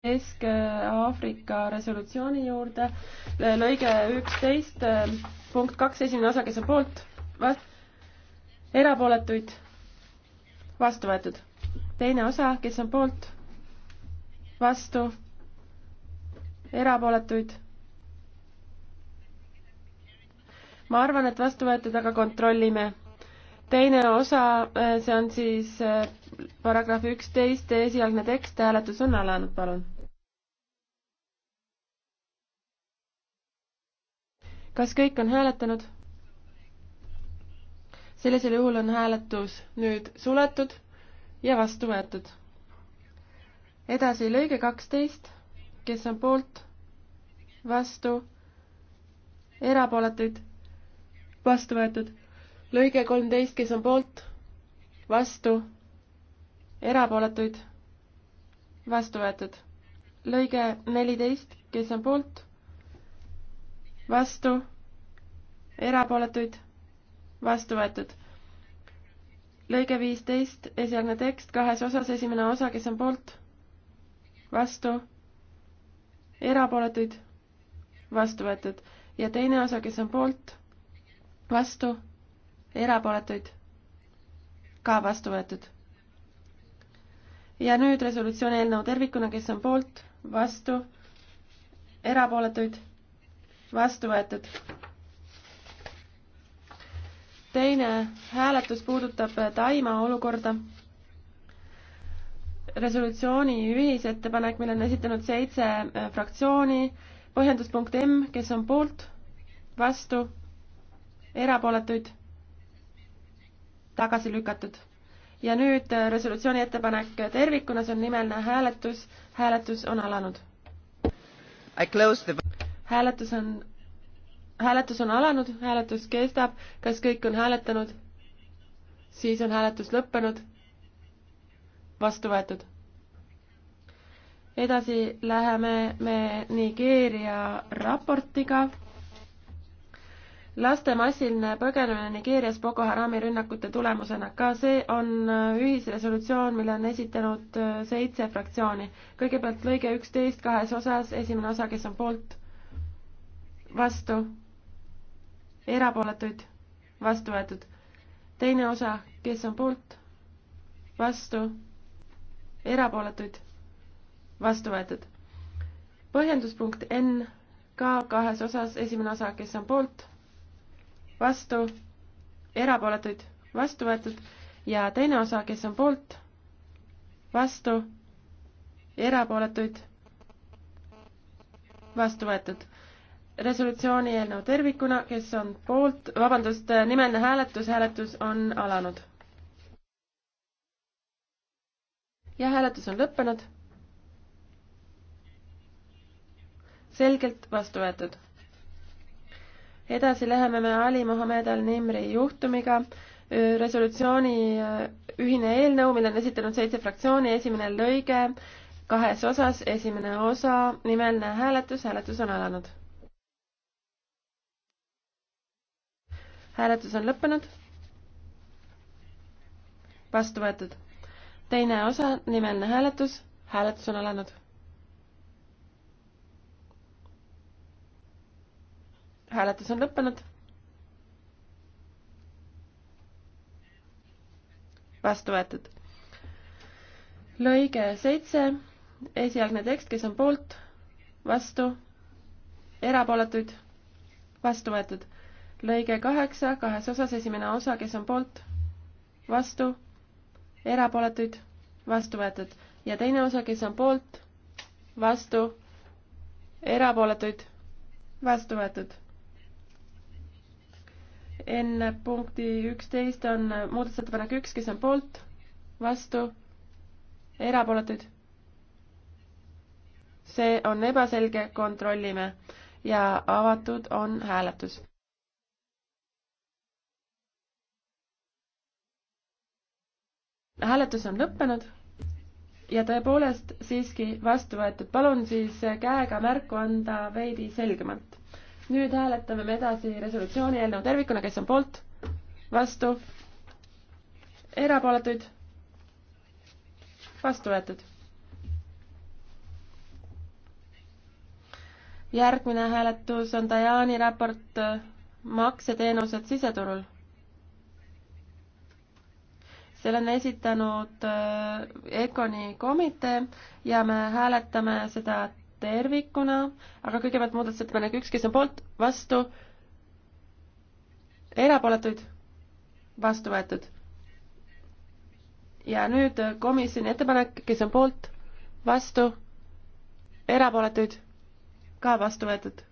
Kesk-Aafrika resolutsiooni juurde, lõige üksteist, punkt kaks, esimene osa, kes on poolt, erapooletuid, vastu võetud. teine osa, kes on poolt, vastu, erapooletuid. ma arvan, et vastu võetud, aga kontrollime. teine osa, eh, see on siis eh, paragrahvi üksteist esialgne tekst, hääletus on alanud, palun kas kõik on hääletanud? sellisel juhul on hääletus nüüd suletud ja vastu võetud. edasi lõige kaksteist, kes on poolt, vastu, erapooletuid, vastu võetud. lõige kolmteist, kes on poolt, vastu, erapooletuid, vastu võetud. lõige neliteist, kes on poolt vastu, erapooletuid, vastu võetud. lõige viisteist, esialgne tekst kahes osas, esimene osa, kes on poolt, vastu, erapooletuid, vastu võetud ja teine osa, kes on poolt, vastu, erapooletuid, ka vastu võetud. ja nüüd resolutsiooni eelnõu tervikuna, kes on poolt, vastu, erapooletuid vastu võetud. teine hääletus puudutab Taimaa olukorda. resolutsiooni ühisettepanek, mille on esitanud seitse äh, fraktsiooni, põhjenduspunkt M, kes on poolt, vastu, erapooletuid, tagasi lükatud. ja nüüd äh, resolutsiooni ettepanek tervikuna, see on nimeline hääletus, hääletus on alanud. The hääletus on, hääletus on alanud, hääletus kestab, kas kõik on hääletanud? siis on hääletus lõppenud. vastu võetud. edasi läheme me Nigeeria raportiga. laste massiline põgenemine Nigeerias Boko Harami rünnakute tulemusena, ka see on ühisresolutsioon, mille on esitanud seitse fraktsiooni. kõigepealt lõige üksteist kahes osas, esimene osa, kes on poolt vastu, erapooletuid, vastu võetud. teine osa, kes on poolt, vastu, erapooletuid, vastu võetud. põhjenduspunkt N ka kahes osas, esimene osa, kes on poolt, vastu, erapooletuid, vastu võetud ja teine osa, kes on poolt, vastu, erapooletuid, vastu võetud resolutsiooni eelnõu tervikuna, kes on poolt, vabandust, nimeline hääletus, hääletus on alanud. ja hääletus on lõppenud. selgelt vastu võetud. edasi läheme me Ali Mohammed Al-Nimri juhtumiga. resolutsiooni ühine eelnõu, mille on esitanud seitse fraktsiooni, esimene lõige kahes osas, esimene osa, nimeline hääletus, hääletus on alanud hääletus on lõppenud. vastu võetud. teine osa, nimeline hääletus, hääletus on alanud. hääletus on lõppenud. vastu võetud. lõige seitse, esialgne tekst, kes on poolt, vastu, erapooletuid, vastu võetud lõige kaheksa kahes osas, esimene osa, kes on poolt, vastu, erapooletuid, vastu võetud ja teine osa, kes on poolt, vastu, erapooletuid, vastu võetud. enne punkti üksteist on muudatusettepanek üks, kes on poolt, vastu, erapooletuid. see on ebaselge, kontrollime ja avatud on hääletus hääletus on lõppenud ja tõepoolest siiski vastu võetud. palun siis käega märku anda veidi selgemalt. nüüd hääletame me edasi resolutsiooni eelnõu tervikuna, kes on poolt, vastu, erapooletuid, vastu võetud. järgmine hääletus on Dajani raport makseteenused siseturul selle on esitanud äh, EKONi komitee ja me hääletame seda tervikuna, aga kõigepealt muudatusettepanek üks, kes on poolt, vastu, erapooletuid, vastu võetud. ja nüüd komisjoni ettepanek, kes on poolt, vastu, erapooletuid, ka vastu võetud.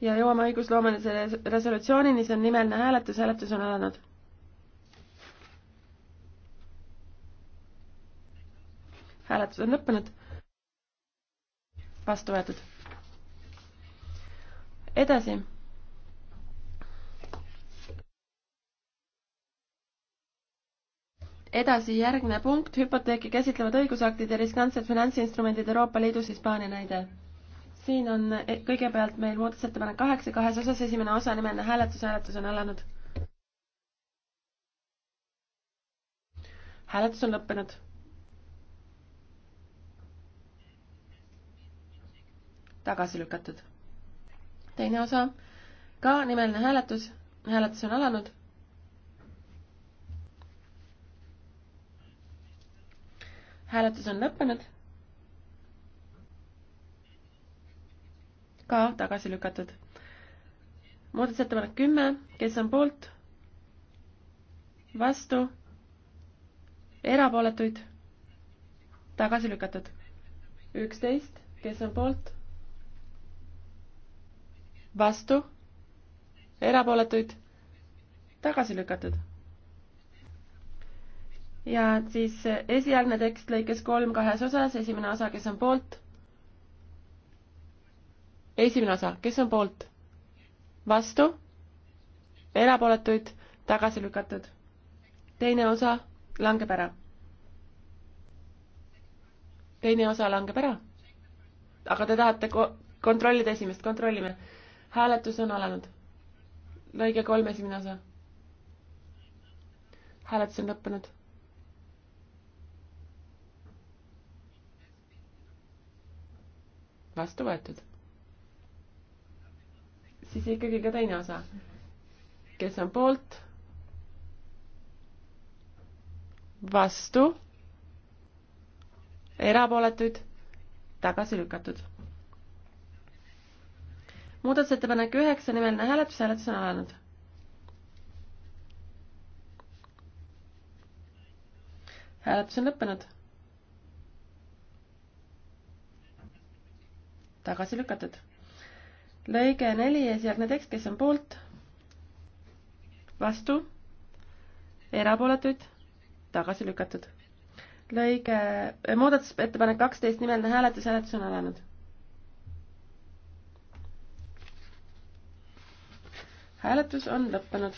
ja jõuame õigusloomelisele resolutsioonini, see on nimeline hääletus, hääletus on alanud hääletus on lõppenud. vastu võetud. edasi edasi järgmine punkt, hüpoteeki käsitlevad õigusaktid ja riskantsed finantsinstrumendid Euroopa Liidus Hispaania näide. siin on eh, kõigepealt meil muudatusettepanek kaheksa, kahes osas esimene osa, nimeline hääletus, hääletus on alanud. hääletus on lõppenud tagasi lükatud. teine osa, ka nimeline hääletus, hääletus on alanud. hääletus on lõppenud. ka tagasi lükatud. muudatusettepanek kümme, kes on poolt? vastu? erapooletuid? tagasi lükatud. üksteist, kes on poolt? vastu, erapooletuid, tagasi lükatud. ja siis esialgne tekst lõikes kolm kahes osas, esimene osa, kes on poolt, esimene osa, kes on poolt, vastu, erapooletuid, tagasi lükatud. teine osa langeb ära. teine osa langeb ära. aga te tahate ko-, kontrollida esimest, kontrollime hääletus on alanud. lõige kolm, esimene osa. hääletus on lõppenud. vastu võetud. siis ikkagi ka teine osa. kes on poolt? vastu? erapooletuid? tagasi lükatud muudatusettepanek üheksa, nimeline hääletus, hääletus on alanud. hääletus on lõppenud. tagasi lükatud. lõige neli, esialgne tekst, kes on poolt? vastu? erapooletuid? tagasi lükatud. lõige, eh, muudatusettepanek kaksteist, nimeline hääletus, hääletus on alanud hääletus on lõppenud.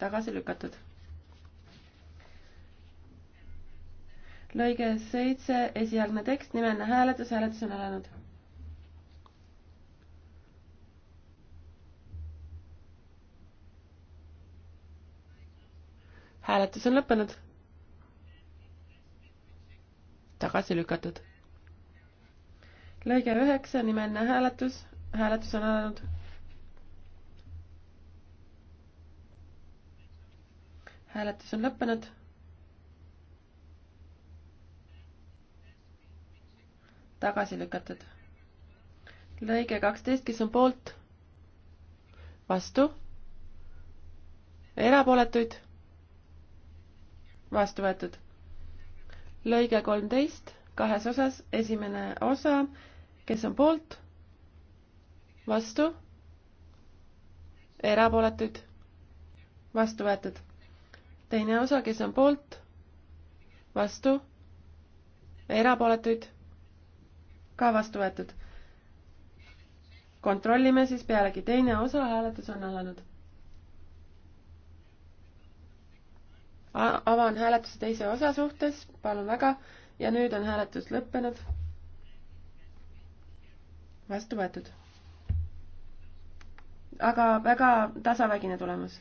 tagasi lükatud. lõige seitse, esialgne tekst, nimeline hääletus, hääletus on alanud. hääletus on lõppenud. tagasi lükatud. lõige üheksa, nimeline hääletus hääletus on alanud. hääletus on lõppenud. tagasi lükatud. lõige kaksteist, kes on poolt? vastu? erapooletuid? vastu võetud. lõige kolmteist, kahes osas, esimene osa, kes on poolt? vastu, erapooletuid, vastu võetud. teine osa, kes on poolt, vastu, erapooletuid, ka vastu võetud. kontrollime siis pealegi, teine osa hääletus on alanud. avan hääletuse teise osa suhtes, palun väga, ja nüüd on hääletus lõppenud. vastu võetud aga väga tasavägine tulemus.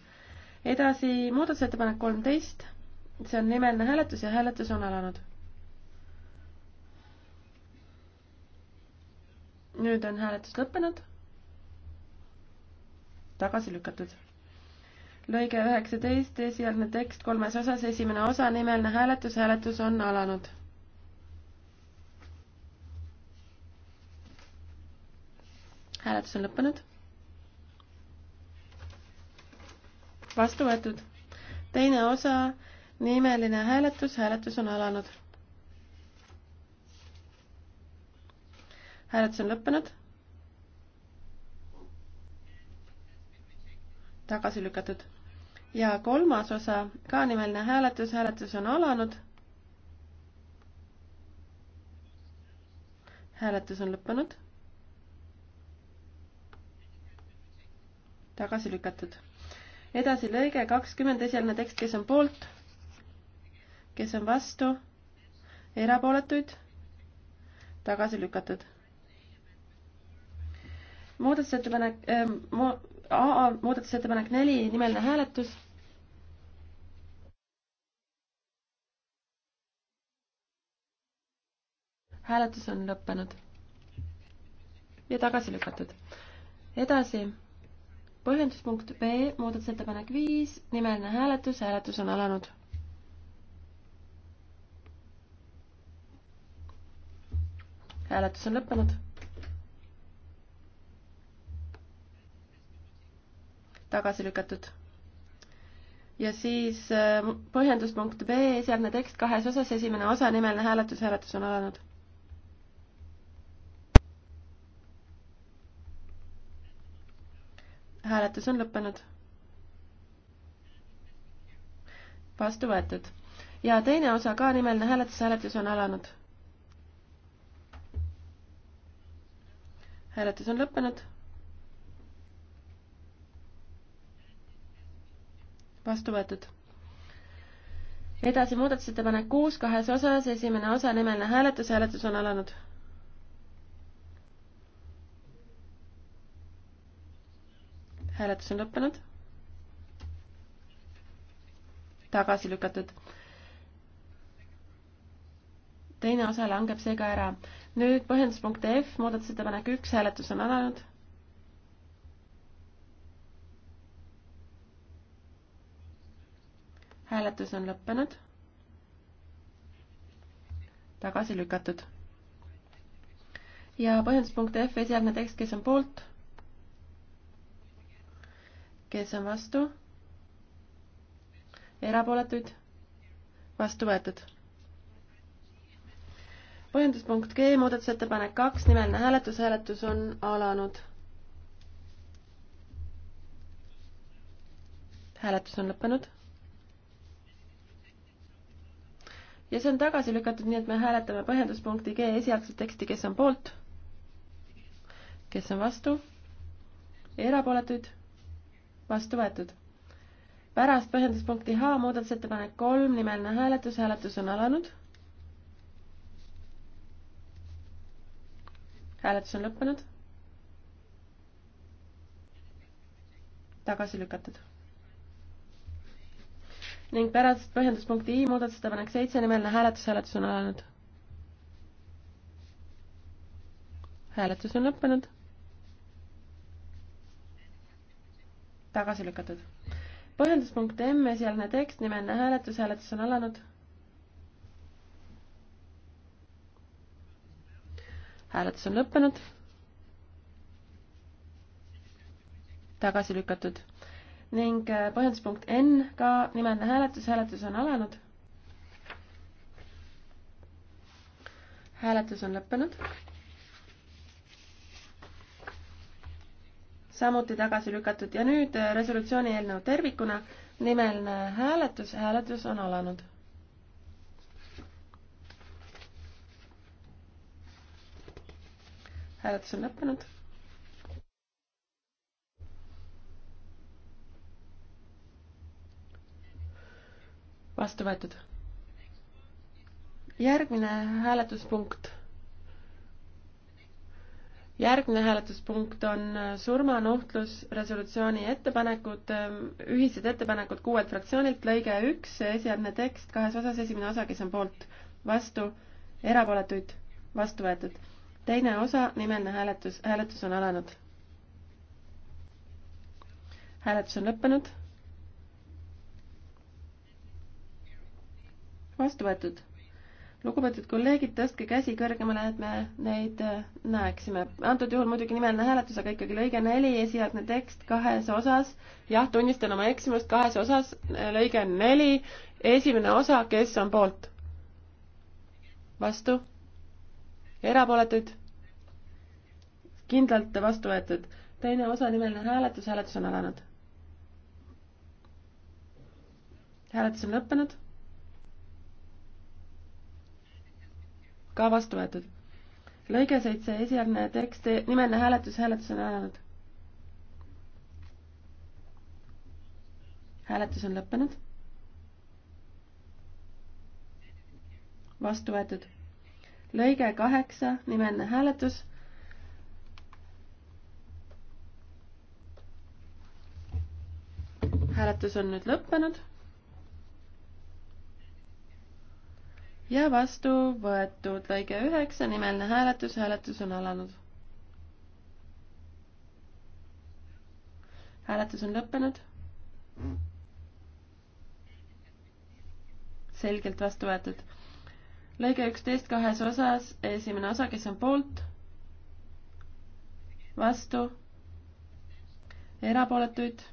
edasi muudatusettepanek kolmteist, see on nimeline hääletus ja hääletus on alanud. nüüd on hääletus lõppenud. tagasi lükatud. lõige üheksateist, esialgne tekst kolmes osas, esimene osa, nimeline hääletus, hääletus on alanud hääletus on lõppenud vastu võetud. teine osa, nimeline hääletus, hääletus on alanud. hääletus on lõppenud. tagasi lükatud. ja kolmas osa, ka nimeline hääletus, hääletus on alanud. hääletus on lõppenud. tagasi lükatud edasi lõige kakskümmend, esialgne tekst, kes on poolt, kes on vastu, erapooletuid, tagasi lükatud. muudatusettepanek ähm,, mu-, AA muudatusettepanek neli, nimeline hääletus hääletus on lõppenud ja tagasi lükatud. edasi põhjenduspunkt B, muudatusettepanek viis, nimeline hääletus, hääletus on alanud. hääletus on lõppenud. tagasi lükatud. ja siis äh, põhjenduspunkt B, sealne tekst kahes osas, esimene osa, nimeline hääletus, hääletus on alanud hääletus on lõppenud. vastu võetud. ja teine osa ka, nimeline hääletus, hääletus on alanud. hääletus on lõppenud. vastu võetud edasi muudatusettepanek kuus kahes osas, esimene osa, nimeline hääletus, hääletus on alanud hääletus on lõppenud. tagasi lükatud. teine osa langeb seega ära. nüüd põhjenduspunkt F, muudatusettepanek üks, hääletus on alanud. hääletus on lõppenud. tagasi lükatud. ja põhjenduspunkt F, esialgne tekst, kes on poolt kes on vastu? erapooletuid? vastu võetud. põhjenduspunkt G, muudatusettepanek kaks, nimeline hääletus, hääletus on alanud. hääletus on lõppenud. ja see on tagasi lükatud, nii et me hääletame põhjenduspunkti G esialgset teksti, kes on poolt, kes on vastu, erapooletuid vastu võetud. pärast põhjenduspunkti H muudatusettepanek kolm, nimeline hääletus, hääletus on alanud. hääletus on lõppenud. tagasi lükatud. ning pärast põhjenduspunkti I muudatusettepanek seitse, nimeline hääletus, hääletus on alanud. hääletus on lõppenud tagasi lükatud. põhjenduspunkt M, esialgne tekst, nimeline hääletus, hääletus on alanud. hääletus on lõppenud. tagasi lükatud ning äh, põhjenduspunkt N ka nimeline hääletus, hääletus on alanud. hääletus on lõppenud samuti tagasi lükatud ja nüüd äh, resolutsiooni eelnõu tervikuna, nimeline hääletus, hääletus on alanud. hääletus on lõppenud. vastu võetud. järgmine hääletuspunkt järgmine hääletuspunkt on äh, surmanuhtlus resolutsiooni ettepanekud, ähm, ühised ettepanekud kuuelt fraktsioonilt, lõige üks, esialgne tekst kahes osas, esimene osa, kes on poolt, vastu, erapooletuid, vastu võetud. teine osa, nimeline hääletus, hääletus on alanud. hääletus on lõppenud. vastu võetud lugupeetud kolleegid, tõstke käsi kõrgemale, et me neid äh, näeksime. antud juhul muidugi nimeline hääletus, aga ikkagi lõige neli, esialgne tekst kahes osas. jah, tunnistan oma eksimust, kahes osas, lõige neli, esimene osa, kes on poolt? vastu? erapooletuid? kindlalt vastu võetud. teine osa, nimeline hääletus, hääletus on alanud. hääletus on lõppenud ka vastu võetud. lõige seitse, esialgne tekst, nimeline hääletus, hääletus on alanud. hääletus on lõppenud. vastu võetud. lõige kaheksa, nimeline hääletus. hääletus on nüüd lõppenud ja vastu võetud lõige üheksa, nimeline hääletus, hääletus on alanud. hääletus on lõppenud. selgelt vastu võetud. lõige üksteist kahes osas, esimene osa, kes on poolt, vastu, erapooletuid,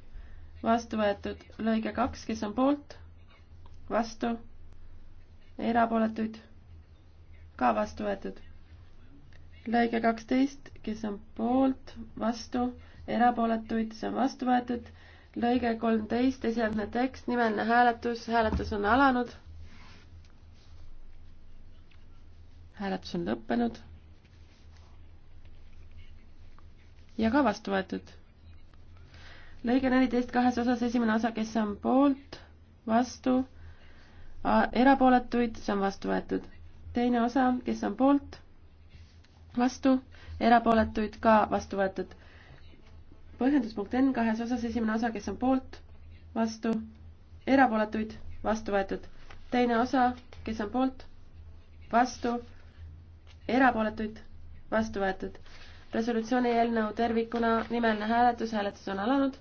vastu võetud. lõige kaks, kes on poolt, vastu erapooletuid, ka vastu võetud. lõige kaksteist, kes on poolt, vastu, erapooletuid, see on vastu võetud. lõige kolmteist, esialgne tekst, nimeline hääletus, hääletus on alanud. hääletus on lõppenud. ja ka vastu võetud. lõige neliteist kahes osas, esimene osa, kes on poolt, vastu erapooletuid, see on vastu võetud. teine osa, kes on poolt, vastu, erapooletuid ka vastu võetud. põhjenduspunkt N kahes osas, esimene osa, kes on poolt, vastu, erapooletuid, vastu võetud. teine osa, kes on poolt, vastu, erapooletuid, vastu võetud. resolutsiooni eelnõu tervikuna nimeline hääletus, hääletus on alanud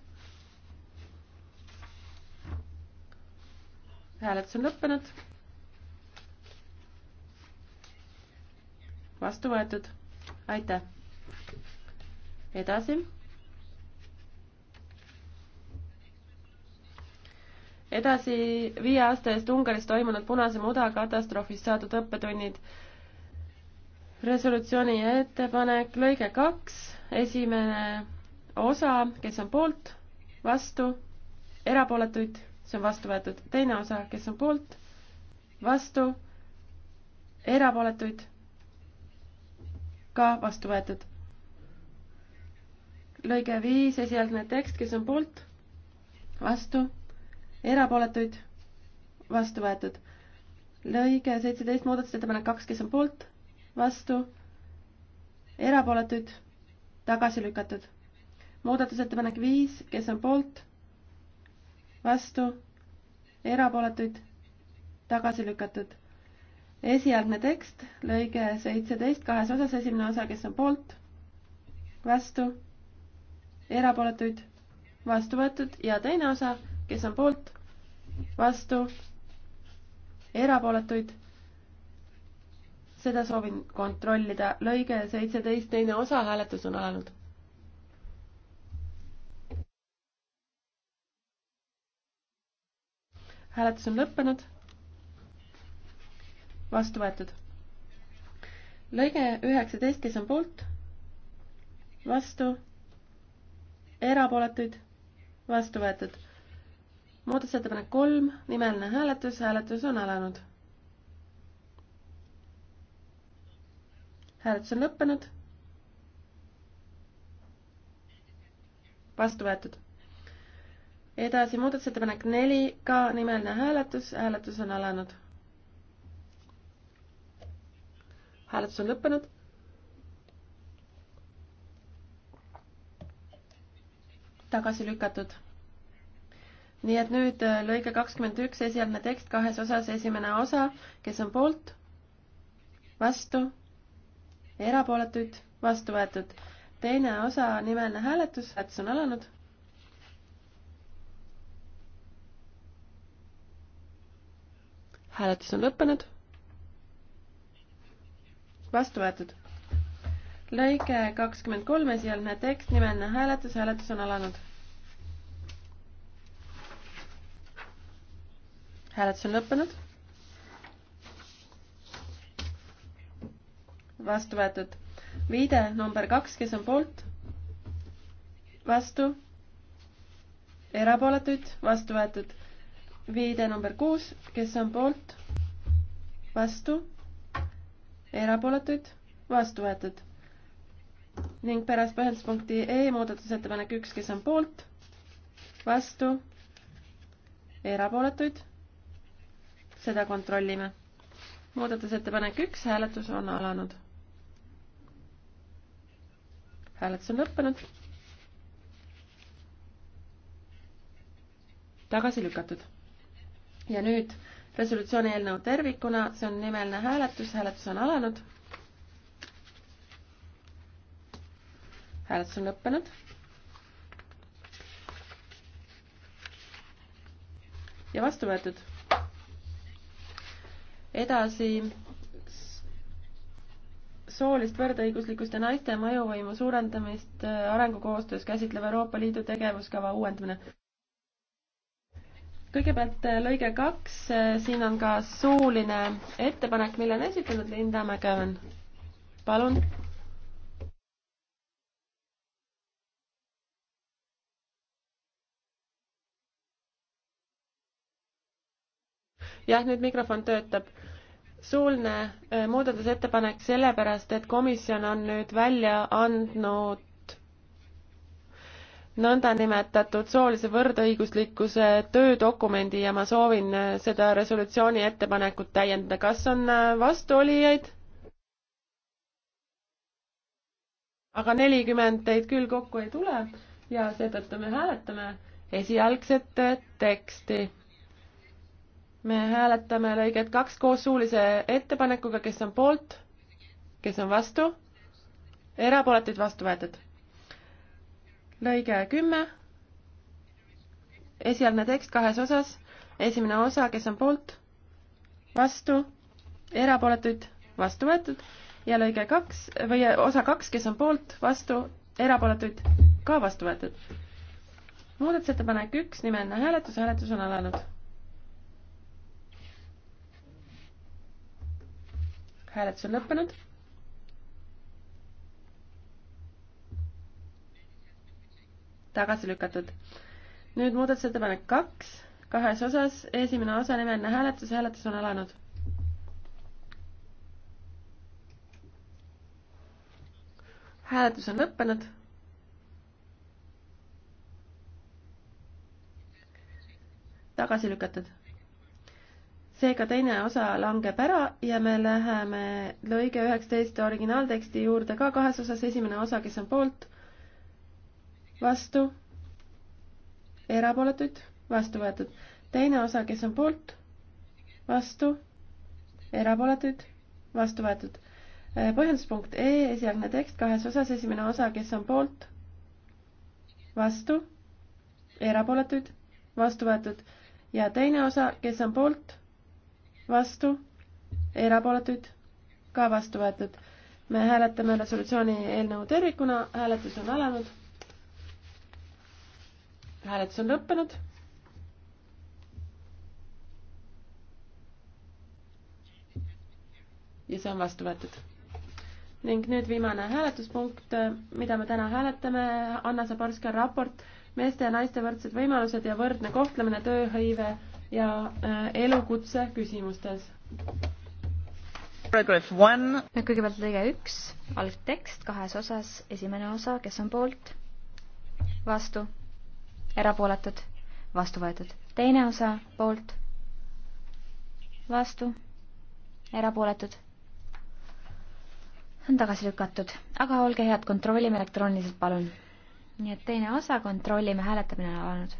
hääletus on lõppenud. vastu võetud, aitäh. edasi. edasi viie aasta eest Ungaris toimunud punase muda katastroofist saadud õppetunnid. resolutsiooni ettepanek lõige kaks, esimene osa, kes on poolt, vastu, erapooletuid see on vastu võetud. teine osa, kes on poolt, vastu, erapooletuid, ka vastu võetud. lõige viis, esialgne tekst, kes on poolt, vastu, erapooletuid, vastu võetud. lõige seitseteist, muudatusettepanek kaks, kes on poolt, vastu, erapooletuid, tagasi lükatud. muudatusettepanek viis, kes on poolt vastu, erapooletuid, tagasi lükatud. esialgne tekst, lõige seitseteist kahes osas, esimene osa, kes on poolt, vastu, erapooletuid, vastu võetud ja teine osa, kes on poolt, vastu, erapooletuid. seda soovin kontrollida. lõige seitseteist, teine osa, hääletus on alanud hääletus on lõppenud. vastu võetud. lõige üheksateist, kes on poolt? vastu. erapooletuid? vastu võetud. muudatusettepanek kolm, nimeline hääletus, hääletus on alanud. hääletus on lõppenud. vastu võetud edasi muudatusettepanek neli, ka nimeline hääletus, hääletus on alanud. hääletus on lõppenud. tagasi lükatud. nii et nüüd äh, lõige kakskümmend üks, esialgne tekst kahes osas, esimene osa, kes on poolt, vastu, erapooletuid, vastu võetud. teine osa, nimeline hääletus, hääletus on alanud hääletus on lõppenud. vastu võetud. lõige kakskümmend kolm, esialgne tekst, nimeline hääletus, hääletus on alanud. hääletus on lõppenud. vastu võetud. viide number kaks, kes on poolt? vastu erapooletuid, vastu võetud viide number kuus, kes on poolt, vastu, erapooletuid, vastu võetud. ning pärast põhjenduspunkti E muudatusettepanek üks, kes on poolt, vastu, erapooletuid, seda kontrollime. muudatusettepanek üks, hääletus on alanud hääletus on lõppenud. tagasi lükatud ja nüüd resolutsiooni eelnõu tervikuna, see on nimeline hääletus, hääletus on alanud. hääletus on lõppenud. ja vastu võetud. edasi soolist võrdõiguslikkust ja naiste mõjuvõimu suurendamist äh, arengukoostöös käsitleva Euroopa Liidu tegevuskava uuendamine kõigepealt äh, lõige kaks, äh, siin on ka suuline ettepanek, mille on esitanud Linda Mäkeven. palun. jah, nüüd mikrofon töötab suuline äh, muudatusettepanek sellepärast, et komisjon on nüüd välja andnud nõndanimetatud soolise võrdõiguslikkuse töödokumendi ja ma soovin äh, seda resolutsiooni ettepanekut täiendada. kas on äh, vastuolijaid? aga nelikümmend teid küll kokku ei tule ja seetõttu me hääletame esialgset äh, teksti. me hääletame lõiget kaks koos suulise ettepanekuga, kes on poolt, kes on vastu, erapooletuid vastu võetud lõige kümme, esialgne tekst kahes osas, esimene osa, kes on poolt, vastu, erapooletuid, vastu võetud ja lõige kaks või osa kaks, kes on poolt, vastu, erapooletuid, ka vastu võetud. muudatusettepanek üks, nimeline hääletus, hääletus on alanud. hääletus on lõppenud tagasi lükatud. nüüd muudatusettepanek kaks, kahes osas, esimene osa, nimeline hääletus, hääletus on alanud. hääletus on lõppenud. tagasi lükatud seega teine osa langeb ära ja me läheme lõige üheksateist originaalteksti juurde ka kahes osas, esimene osa, kes on poolt, vastu, erapooletuid, vastu võetud. teine osa, kes on poolt, vastu, erapooletuid, vastu võetud. Äh, põhjenduspunkt E, esialgne tekst kahes osas, esimene osa, kes on poolt, vastu, erapooletuid, vastu võetud. ja teine osa, kes on poolt, vastu, erapooletuid, ka vastu võetud. me hääletame resolutsiooni eelnõu tervikuna, hääletus on alanud hääletus on lõppenud. ja see on vastu võetud. ning nüüd viimane hääletuspunkt, mida me täna hääletame, Anna Zaborska raport meeste ja naiste võrdsed võimalused ja võrdne kohtlemine tööhõive ja äh, elukutse küsimustes. kõigepealt lõige üks, algtekst kahes osas, esimene osa, kes on poolt? vastu erapooletud, vastu võetud. teine osa poolt, vastu, erapooletud, on tagasi lükatud, aga olge head, kontrollime elektrooniliselt, palun. nii et teine osa, kontrollime, hääletamine on alanud.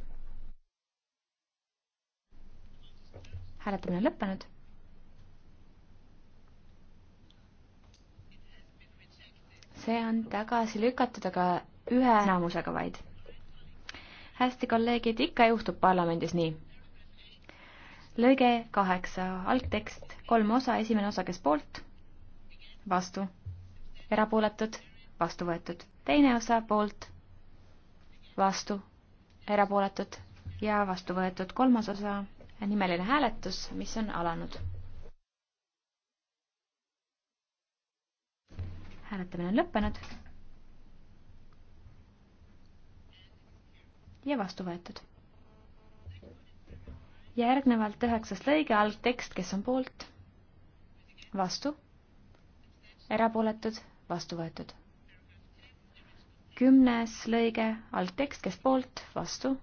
hääletamine on lõppenud. see on tagasi lükatud, aga ühe enamusega vaid hästi, kolleegid, ikka juhtub parlamendis nii. lõige kaheksa, algtekst, kolm osa, esimene osa, kes poolt? vastu. erapooletud? vastu võetud. teine osa poolt? vastu. erapooletud? ja vastu võetud. kolmas osa, nimeline hääletus, mis on alanud. hääletamine on lõppenud ja vastu võetud. järgnevalt üheksas lõige, algtekst, kes on poolt? vastu? erapooletud? vastu võetud. kümnes lõige, algtekst, kes poolt? vastu?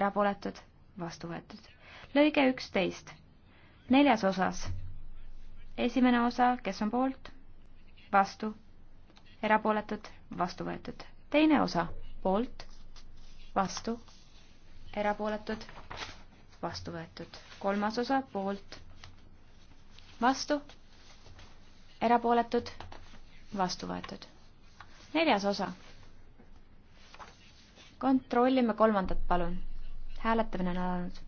erapooletud? vastu võetud. lõige üksteist, neljas osas. esimene osa, kes on poolt? vastu? erapooletud? vastu võetud. teine osa, poolt vastu, erapooletud, vastu võetud. kolmas osa poolt, vastu, erapooletud, vastu võetud. neljas osa. kontrollime kolmandat, palun. hääletamine on alanud.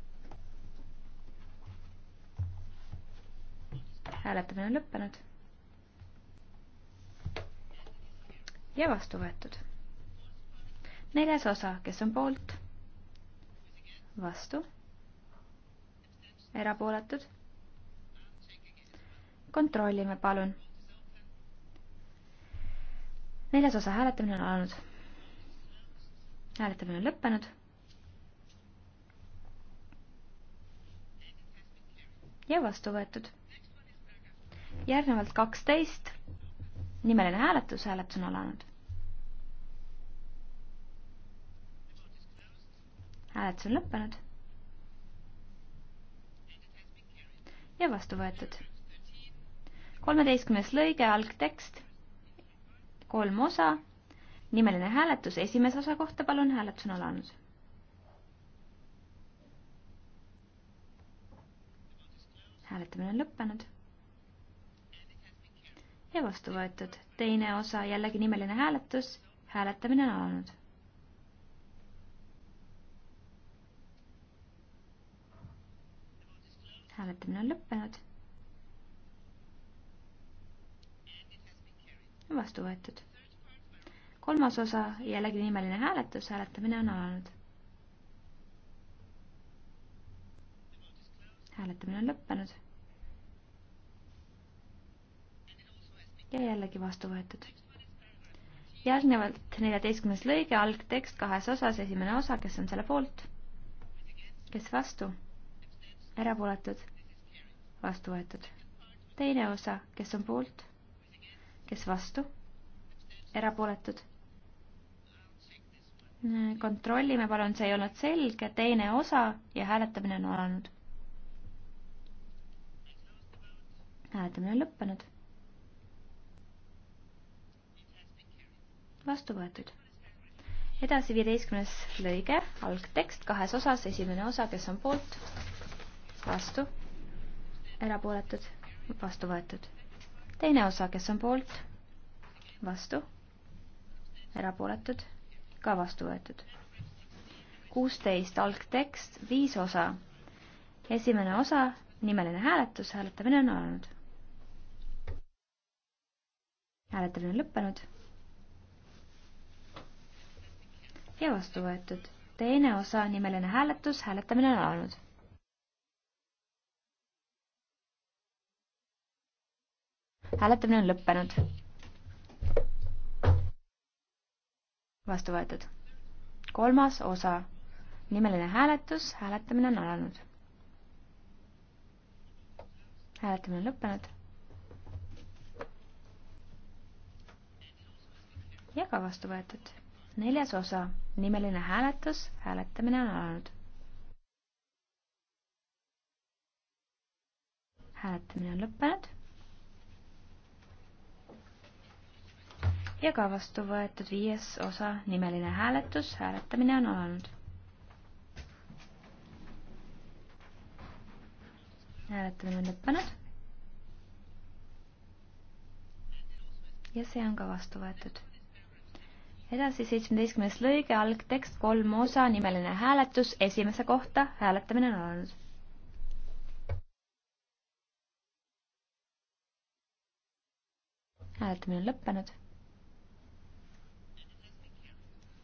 hääletamine on lõppenud. ja vastu võetud neljas osa, kes on poolt? vastu? erapooletud? kontrollime, palun. neljas osa hääletamine on alanud. hääletamine on lõppenud. ja vastu võetud. järgnevalt kaksteist. nimeline hääletus, hääletus on alanud. hääletus on lõppenud. ja vastu võetud. kolmeteistkümnes lõige, algtekst, kolm osa, nimeline hääletus esimese osa kohta, palun, hääletus on alanud. hääletamine on lõppenud. ja vastu võetud. teine osa, jällegi nimeline hääletus, hääletamine on alanud hääletamine on lõppenud. vastu võetud. kolmas osa, jällegi nimeline hääletus, hääletamine on alanud. hääletamine on lõppenud. ja jällegi vastu võetud. järgnevalt neljateistkümnes lõige, algtekst kahes osas, esimene osa, kes on selle poolt, kes vastu erapooletud, vastu võetud. teine osa, kes on poolt, kes vastu, erapooletud. kontrollime palun, see ei olnud selge, teine osa ja hääletamine on alanud. hääletamine on lõppenud. vastu võetud edasi viieteistkümnes lõige, algtekst kahes osas, esimene osa, kes on poolt, vastu, erapooletud, vastu võetud. teine osa, kes on poolt, vastu, erapooletud, ka vastu võetud. kuusteist algtekst, viis osa. esimene osa, nimeline hääletus, hääletamine on alanud. hääletamine on lõppenud. ja vastu võetud. teine osa, nimeline hääletus, hääletamine on alanud hääletamine on lõppenud. vastu võetud. kolmas osa, nimeline hääletus, hääletamine on alanud. hääletamine on lõppenud. ja ka vastu võetud. neljas osa, nimeline hääletus, hääletamine on alanud hääletamine on lõppenud. ja ka vastu võetud viies osa nimeline hääletus, hääletamine on alanud. hääletamine on lõppenud. ja see on ka vastu võetud. edasi seitsmeteistkümnes lõige, algtekst, kolm osa, nimeline hääletus, esimese kohta, hääletamine on alanud. hääletamine on lõppenud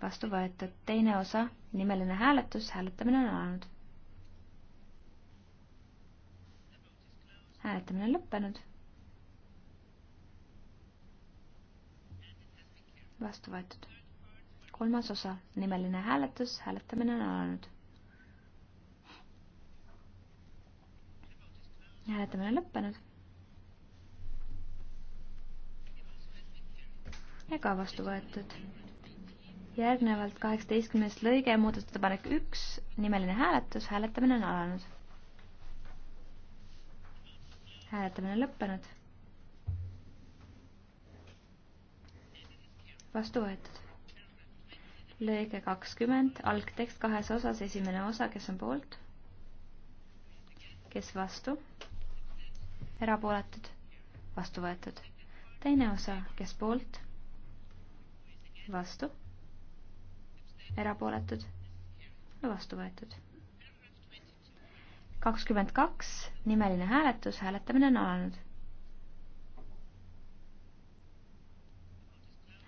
vastu võetud. teine osa, nimeline hääletus, hääletamine on alanud. hääletamine on lõppenud. vastu võetud. kolmas osa, nimeline hääletus, hääletamine on alanud. hääletamine on lõppenud. ega vastu võetud järgnevalt kaheksateistkümnes lõige, muudatusettepanek üks, nimeline hääletus, hääletamine on alanud. hääletamine on lõppenud. vastu võetud. lõige kakskümmend, algtekst kahes osas, esimene osa, kes on poolt? kes vastu? erapooletud? vastu võetud. teine osa, kes poolt? vastu erapooletud, vastu võetud. kakskümmend kaks, nimeline hääletus, hääletamine on alanud.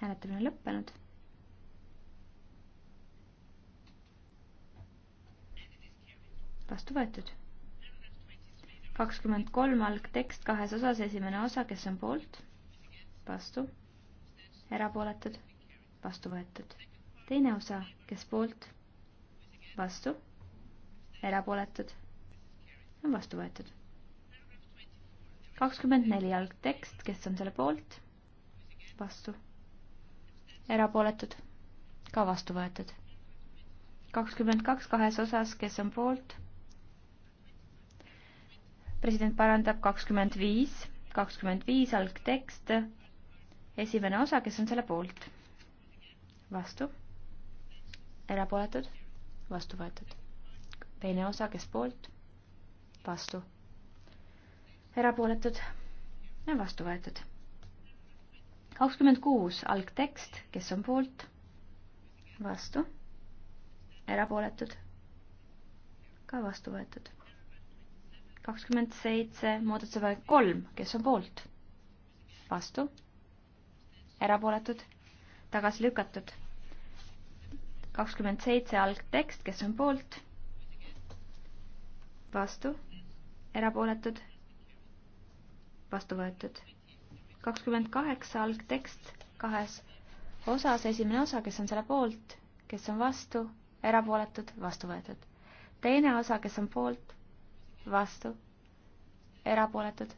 hääletamine on lõppenud. vastu võetud. kakskümmend kolm algtekst kahes osas, esimene osa, kes on poolt, vastu, erapooletud, vastu võetud teine osa, kes poolt, vastu, erapooletud, on vastu võetud. kakskümmend neli algtekst, kes on selle poolt, vastu, erapooletud, ka vastu võetud. kakskümmend kaks kahes osas, kes on poolt, president parandab kakskümmend viis, kakskümmend viis algtekst, esimene osa, kes on selle poolt, vastu erapooletud, vastu võetud. teine osa, kes poolt, vastu, erapooletud ja vastu võetud. kakskümmend kuus, algtekst, kes on poolt, vastu, erapooletud, ka vastu võetud. kakskümmend seitse, muudatusepanek kolm, kes on poolt, vastu, erapooletud, tagasi lükatud kakskümmend seitse algtekst, kes on poolt? vastu, erapooletud, vastu võetud. kakskümmend kaheksa algtekst kahes osas, esimene osa, kes on selle poolt, kes on vastu, erapooletud, vastu võetud. teine osa, kes on poolt, vastu, erapooletud,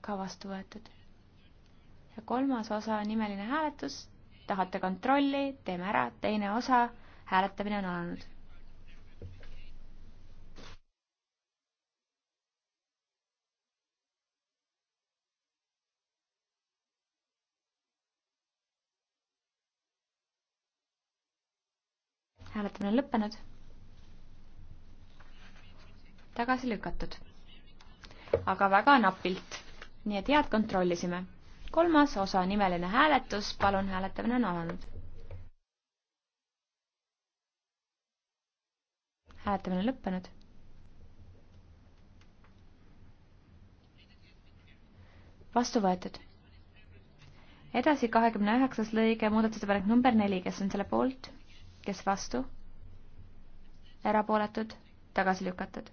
ka vastu võetud. ja kolmas osa on nimeline hääletus tahate kontrolli, teeme ära, teine osa, hääletamine on alanud. hääletamine on lõppenud. tagasi lükatud. aga väga napilt, nii et head kontrollisime kolmas osa, nimeline hääletus, palun, hääletamine on alanud. hääletamine lõppenud. vastu võetud. edasi kahekümne üheksas lõige, muudatusettepanek number neli, kes on selle poolt, kes vastu, erapooletud, tagasi lükatud.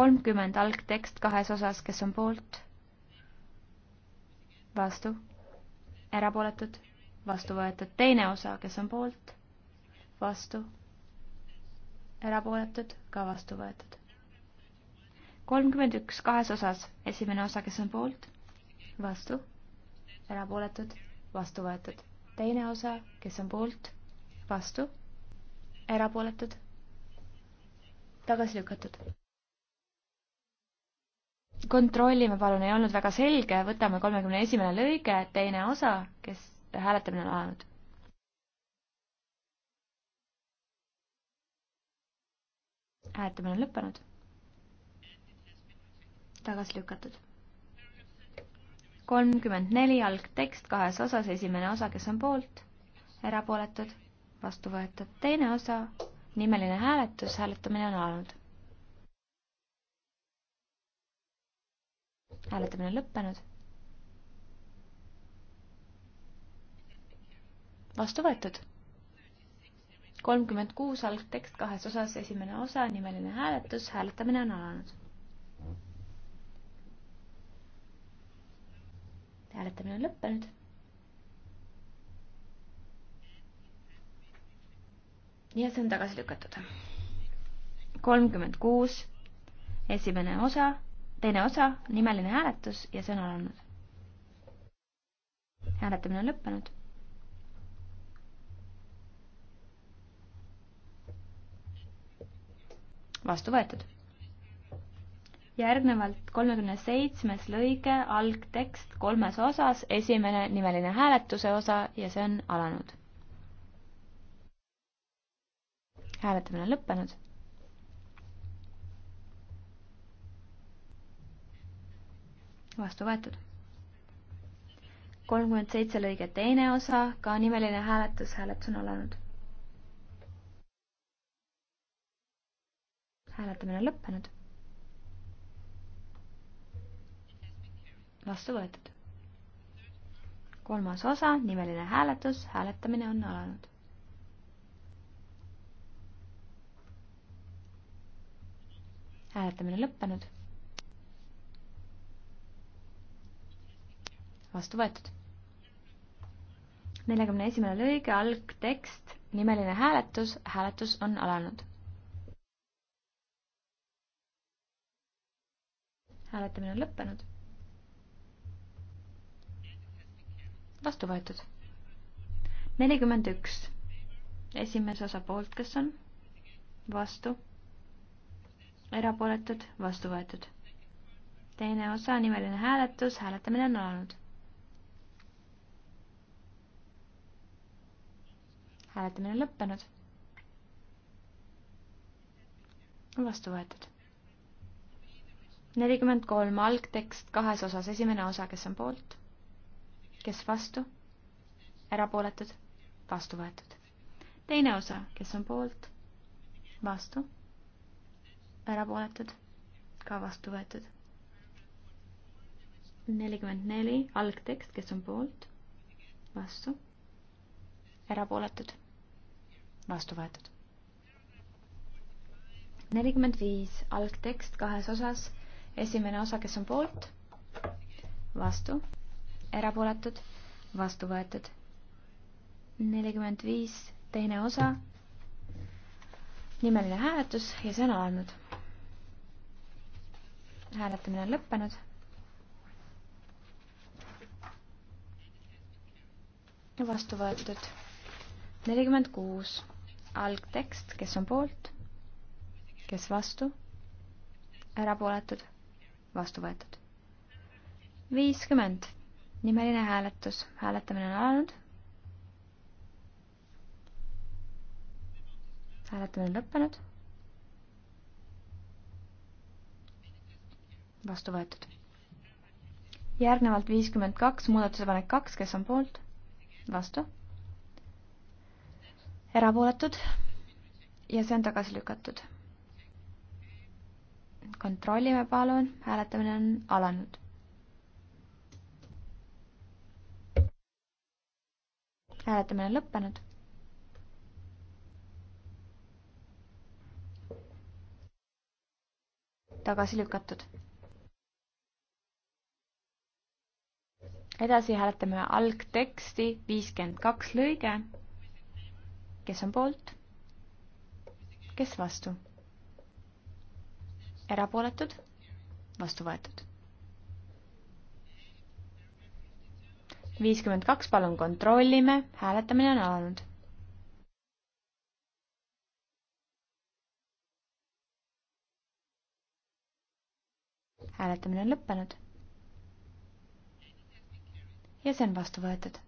kolmkümmend algtekst kahes osas, kes on poolt vastu, erapooletud, vastu võetud, teine osa, kes on poolt, vastu, erapooletud, ka vastu võetud. kolmkümmend üks kahes osas, esimene osa, kes on poolt, vastu, erapooletud, vastu võetud, teine osa, kes on poolt, vastu, erapooletud, tagasi lükatud kontrollime, palun, ei olnud väga selge, võtame kolmekümne esimene lõige, teine osa, kes hääletamine on alanud. hääletamine on lõppenud. tagasi lükatud. kolmkümmend neli algtekst kahes osas, esimene osa, kes on poolt, erapooletud, vastu võetud, teine osa, nimeline hääletus, hääletamine on alanud hääletamine on lõppenud. vastu võetud. kolmkümmend kuus algtekst kahes osas, esimene osa, nimeline hääletus, hääletamine on alanud. hääletamine on lõppenud. ja see on tagasi lükatud. kolmkümmend kuus, esimene osa teine osa, nimeline hääletus ja see on alanud. hääletamine on lõppenud. vastu võetud. järgnevalt kolmekümne seitsmes lõige, algtekst kolmes osas, esimene nimeline hääletuse osa ja see on alanud. hääletamine on lõppenud vastu võetud. kolmkümmend seitse lõige teine osa, ka nimeline hääletus, hääletus on alanud. hääletamine on lõppenud. vastu võetud. kolmas osa, nimeline hääletus, hääletamine on alanud. hääletamine lõppenud vastu võetud. neljakümne esimene lõige, algtekst, nimeline hääletus, hääletus on alanud. hääletamine on lõppenud. vastu võetud. nelikümmend üks, esimese osa poolt, kes on? vastu. erapooletud, vastu võetud. teine osa, nimeline hääletus, hääletamine on alanud. hääletamine on lõppenud. vastu võetud. nelikümmend kolm algtekst kahes osas, esimene osa, kes on poolt, kes vastu, erapooletud, vastu võetud. teine osa, kes on poolt, vastu, erapooletud, ka vastu võetud. nelikümmend neli algtekst, kes on poolt, vastu, erapooletud vastu võetud. nelikümmend viis, algtekst kahes osas, esimene osa, kes on poolt, vastu, erapooletud, vastu võetud. nelikümmend viis, teine osa, nimeline hääletus ja see on alanud. hääletamine on lõppenud. vastu võetud nelikümmend kuus algtekst, kes on poolt, kes vastu, erapooletud, vastu võetud. viiskümmend, nimeline hääletus, hääletamine on alanud. hääletamine on lõppenud. vastu võetud. järgnevalt viiskümmend kaks, muudatusepanek kaks, kes on poolt, vastu erapooletud ja see on tagasi lükatud. kontrollime palun, hääletamine on alanud. hääletamine on lõppenud. tagasi lükatud. edasi hääletame algteksti viiskümmend kaks lõige kes on poolt? kes vastu? erapooletud? vastu võetud. viiskümmend kaks, palun kontrollime, hääletamine on alanud. hääletamine on lõppenud. ja see on vastu võetud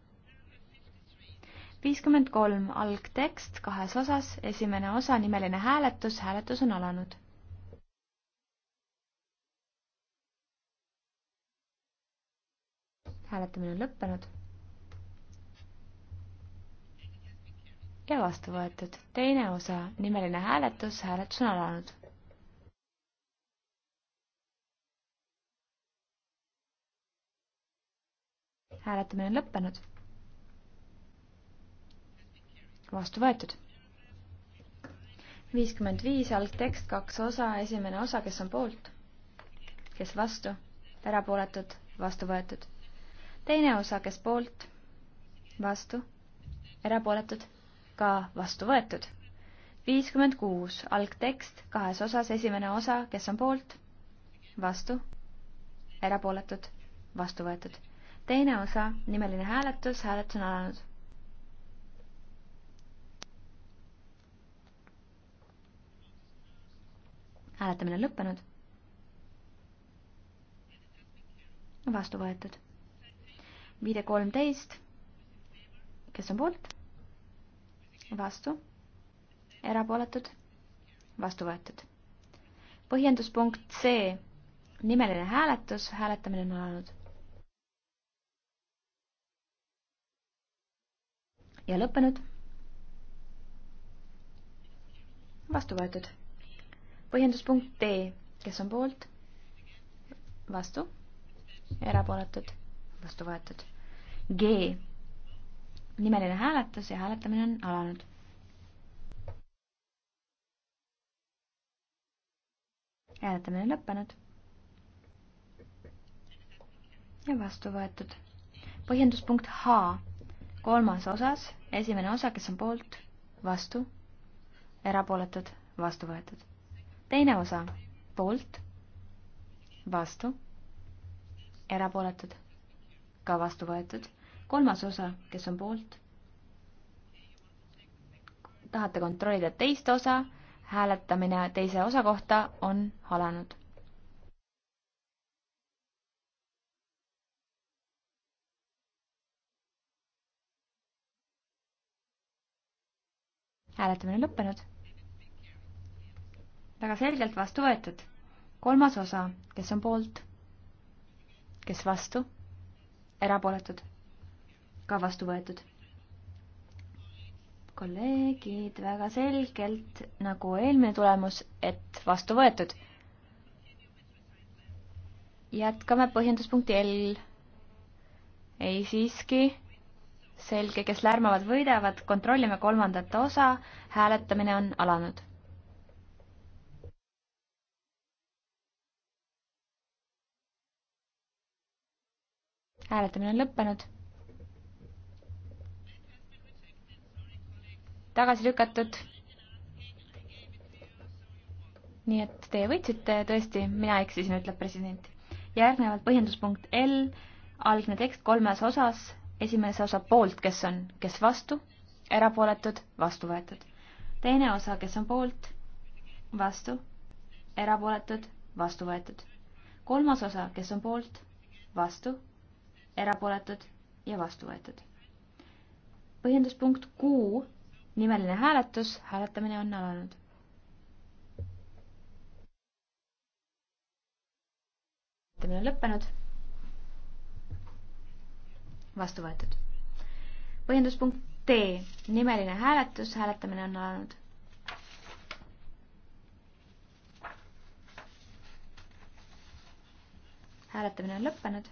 viiskümmend kolm algtekst kahes osas, esimene osa, nimeline hääletus, hääletus on alanud. hääletamine on lõppenud. ja vastu võetud. teine osa, nimeline hääletus, hääletus on alanud hääletamine on lõppenud vastu võetud. viiskümmend viis algtekst, kaks osa, esimene osa, kes on poolt, kes vastu, erapooletud, vastu võetud. teine osa, kes poolt, vastu, erapooletud, ka vastu võetud. viiskümmend kuus algtekst, kahes osas, esimene osa, kes on poolt, vastu, erapooletud, vastu võetud. teine osa, nimeline hääletus, hääletus on alanud hääletamine on lõppenud. vastu võetud. viide kolmteist. kes on poolt? vastu. erapooletud? vastu võetud. põhjenduspunkt C. nimeline hääletus, hääletamine on alanud. ja lõppenud. vastu võetud põhjenduspunkt D, kes on poolt? vastu? erapooletud? vastu võetud. G, nimeline hääletus ja hääletamine on alanud. hääletamine lõppenud. ja vastu võetud. põhjenduspunkt H, kolmas osas, esimene osa, kes on poolt, vastu, erapooletud, vastu võetud teine osa poolt, vastu, erapooletud, ka vastu võetud. kolmas osa, kes on poolt. tahate kontrollida teist osa, hääletamine teise osa kohta on alanud hääletamine lõppenud väga selgelt vastu võetud. kolmas osa, kes on poolt, kes vastu, erapooletud, ka vastu võetud. kolleegid, väga selgelt nagu eelmine tulemus, et vastu võetud. jätkame põhjenduspunkti L. ei siiski selge, kes lärmavad, võidavad, kontrollime kolmandat osa, hääletamine on alanud hääletamine on lõppenud. tagasi lükatud. nii et teie võitsite, tõesti, mina eksisin, ütleb president. järgnevalt põhjenduspunkt L, algne tekst kolmes osas, esimese osa poolt, kes on, kes vastu, erapooletud, vastu võetud. teine osa, kes on poolt, vastu, erapooletud, vastu võetud. kolmas osa, kes on poolt, vastu erapooletud ja vastu võetud. põhjenduspunkt Q, nimeline hääletus, hääletamine on alanud. hääletamine on lõppenud. vastu võetud. põhjenduspunkt D, nimeline hääletus, hääletamine on alanud hääletamine on lõppenud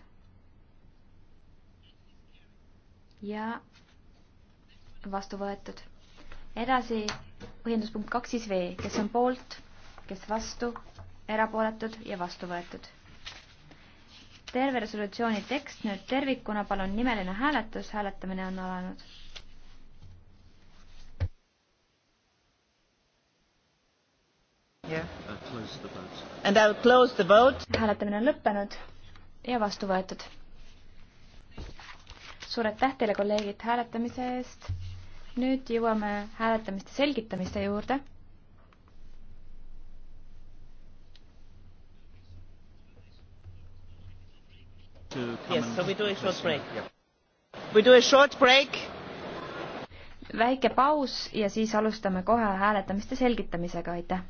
ja vastu võetud. edasi põhjenduspunkt kaks siis V, kes on poolt, kes vastu, erapooletud ja vastu võetud. terve resolutsiooni tekst nüüd tervikuna, palun nimeline hääletus, hääletamine on alanud. hääletamine on lõppenud ja vastu võetud suur aitäh teile, kolleegid, hääletamise eest. nüüd jõuame hääletamiste selgitamiste juurde. Yes, so we do a short break. We do a short break. väike paus ja siis alustame kohe hääletamiste selgitamisega, aitäh.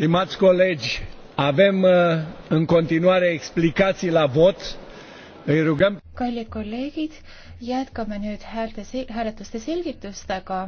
Stimați colegi, avem uh, în continuare explicații la vot. Îi rugăm... Kallid kolleegid, jätkame nüüd häälte, hääletuste selgitustega.